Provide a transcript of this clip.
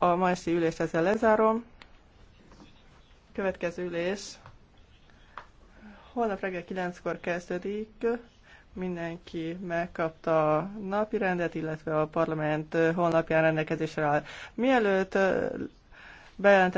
A ma esti ülést ezzel lezárom. Következő ülés holnap reggel 9-kor kezdődik. Mindenki megkapta a napi rendet, illetve a parlament holnapján rendelkezésre áll. Mielőtt bejelenteni